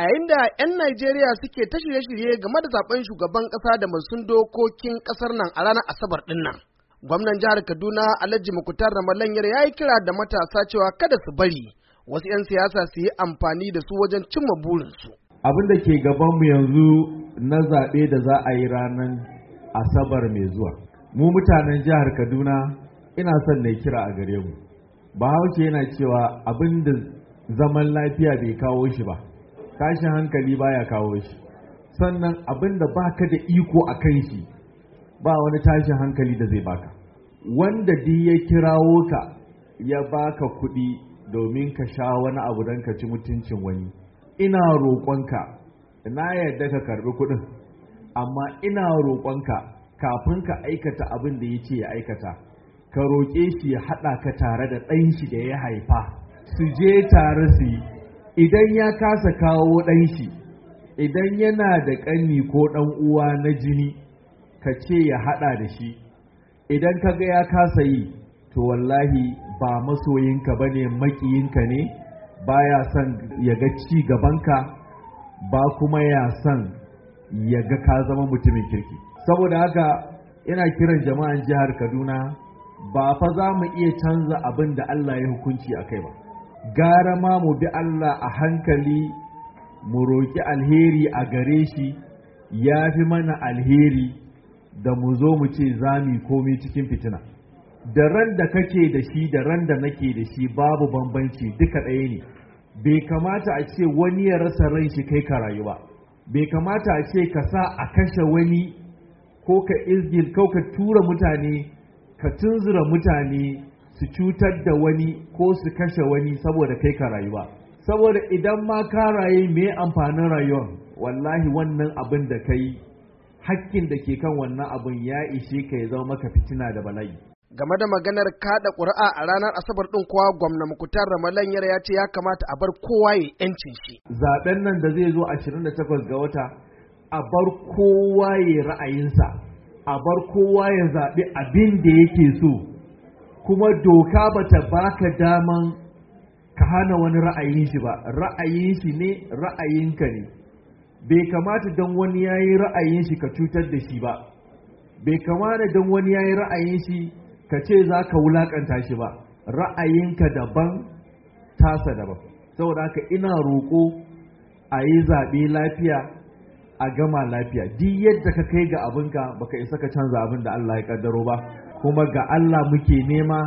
a yayin da 'yan Najeriya suke ta shirye-shirye game da zaben shugaban ƙasa da masun dokokin ƙasar nan a ranar Asabar ɗin nan. Gwamnan jihar Kaduna Alhaji Mukutar Ramalanyar ya yi kira da matasa cewa kada su bari wasu 'yan siyasa su yi amfani da su wajen cimma burinsu. Abin da ke gabanmu yanzu na zaɓe da za a yi ranar Asabar mai zuwa. Mu mutanen jihar Kaduna ina son na kira a gare mu. Bahaushe yana cewa abin da zaman lafiya bai kawo shi ba. tashin hankali baya kawo shi sannan abin da baka da iko a kan shi ba wani tashin hankali da zai baka wanda di ya kirawo ka ya baka kuɗi domin ka sha wani abu don ka ci mutuncin wani ina roƙonka na yarda ka karɓi kuɗin amma ina roƙonka kafin ka aikata abin da ya ce ya aikata ka roƙe shi ya haɗa ka tare da ɗan shi da ya haifa su je tare su yi idan ya kasa kawo ɗan shi idan yana da ƙanni ko ɗan uwa na jini ka ce ya haɗa da shi idan ka ga ya kasa yi to wallahi ba masoyinka ba ne maƙiyinka ne baya son ya ga ci gabanka ba kuma ya son ya ga ka zama mutumin kirki saboda haka ina kiran jama'an jihar kaduna ba fa za mu iya canza abin da allah ya hukunci a kai ba gara ma mu bi Allah a hankali mu roƙi alheri a gare shi ya fi mana alheri da mu zo mu ce za mu komai cikin fitina da ran da kake da shi da ran da nake da shi babu bambanci duka ɗaya ne bai kamata a ce wani ya rasa ran shi kai ka rayu ba bai kamata a ce ka sa a kashe wani ko ka izgil ko ka tura mutane ka tunzura mutane su cutar da wani ko su kashe wani saboda kai ka rayuwa, saboda idan ma ka raye me amfanin rayuwar wallahi wannan abin da kai hakkin da ke kan wannan abin ya ishe ka ya zama maka fitina da bala'i game da maganar kada ƙuri'a a ranar asabar ɗin kowa gwamna mukutar ramalan yara ya ce ya kamata a bar kowa ya yancin shi zaben nan da zai zo 28 ga wata a bar kowa ya ra'ayinsa a bar kowa ya zaɓi abin da yake so kuma doka bata baka daman ka hana wani ra'ayin shi ba ra'ayin shi ne ra'ayinka ne bai kamata don wani yayi ra'ayin shi ka cutar da shi ba bai kamata don wani yayi ra'ayin shi ka ce za ka wulakanta shi ba ra'ayinka daban tasa daban saboda haka ina roƙo a yi zaɓe lafiya a gama lafiya duk yadda ka kai ga abinka baka isa ka canza abin da Allah ya kaddaro ba kuma ga Allah muke nema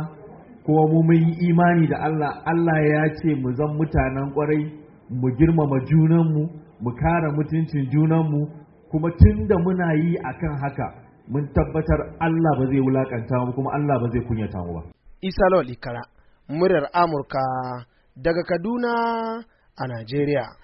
kuma mu mun yi imani da Allah Allah ya ce mu zan mutanen kwarai mu girmama junanmu mu kare mutuncin junanmu kuma tun da muna yi akan haka mun tabbatar Allah ba zai wulakanta mu kuma Allah ba zai kunyata mu ba Isa Lawal Ikara muryar Amurka daga Kaduna a Najeriya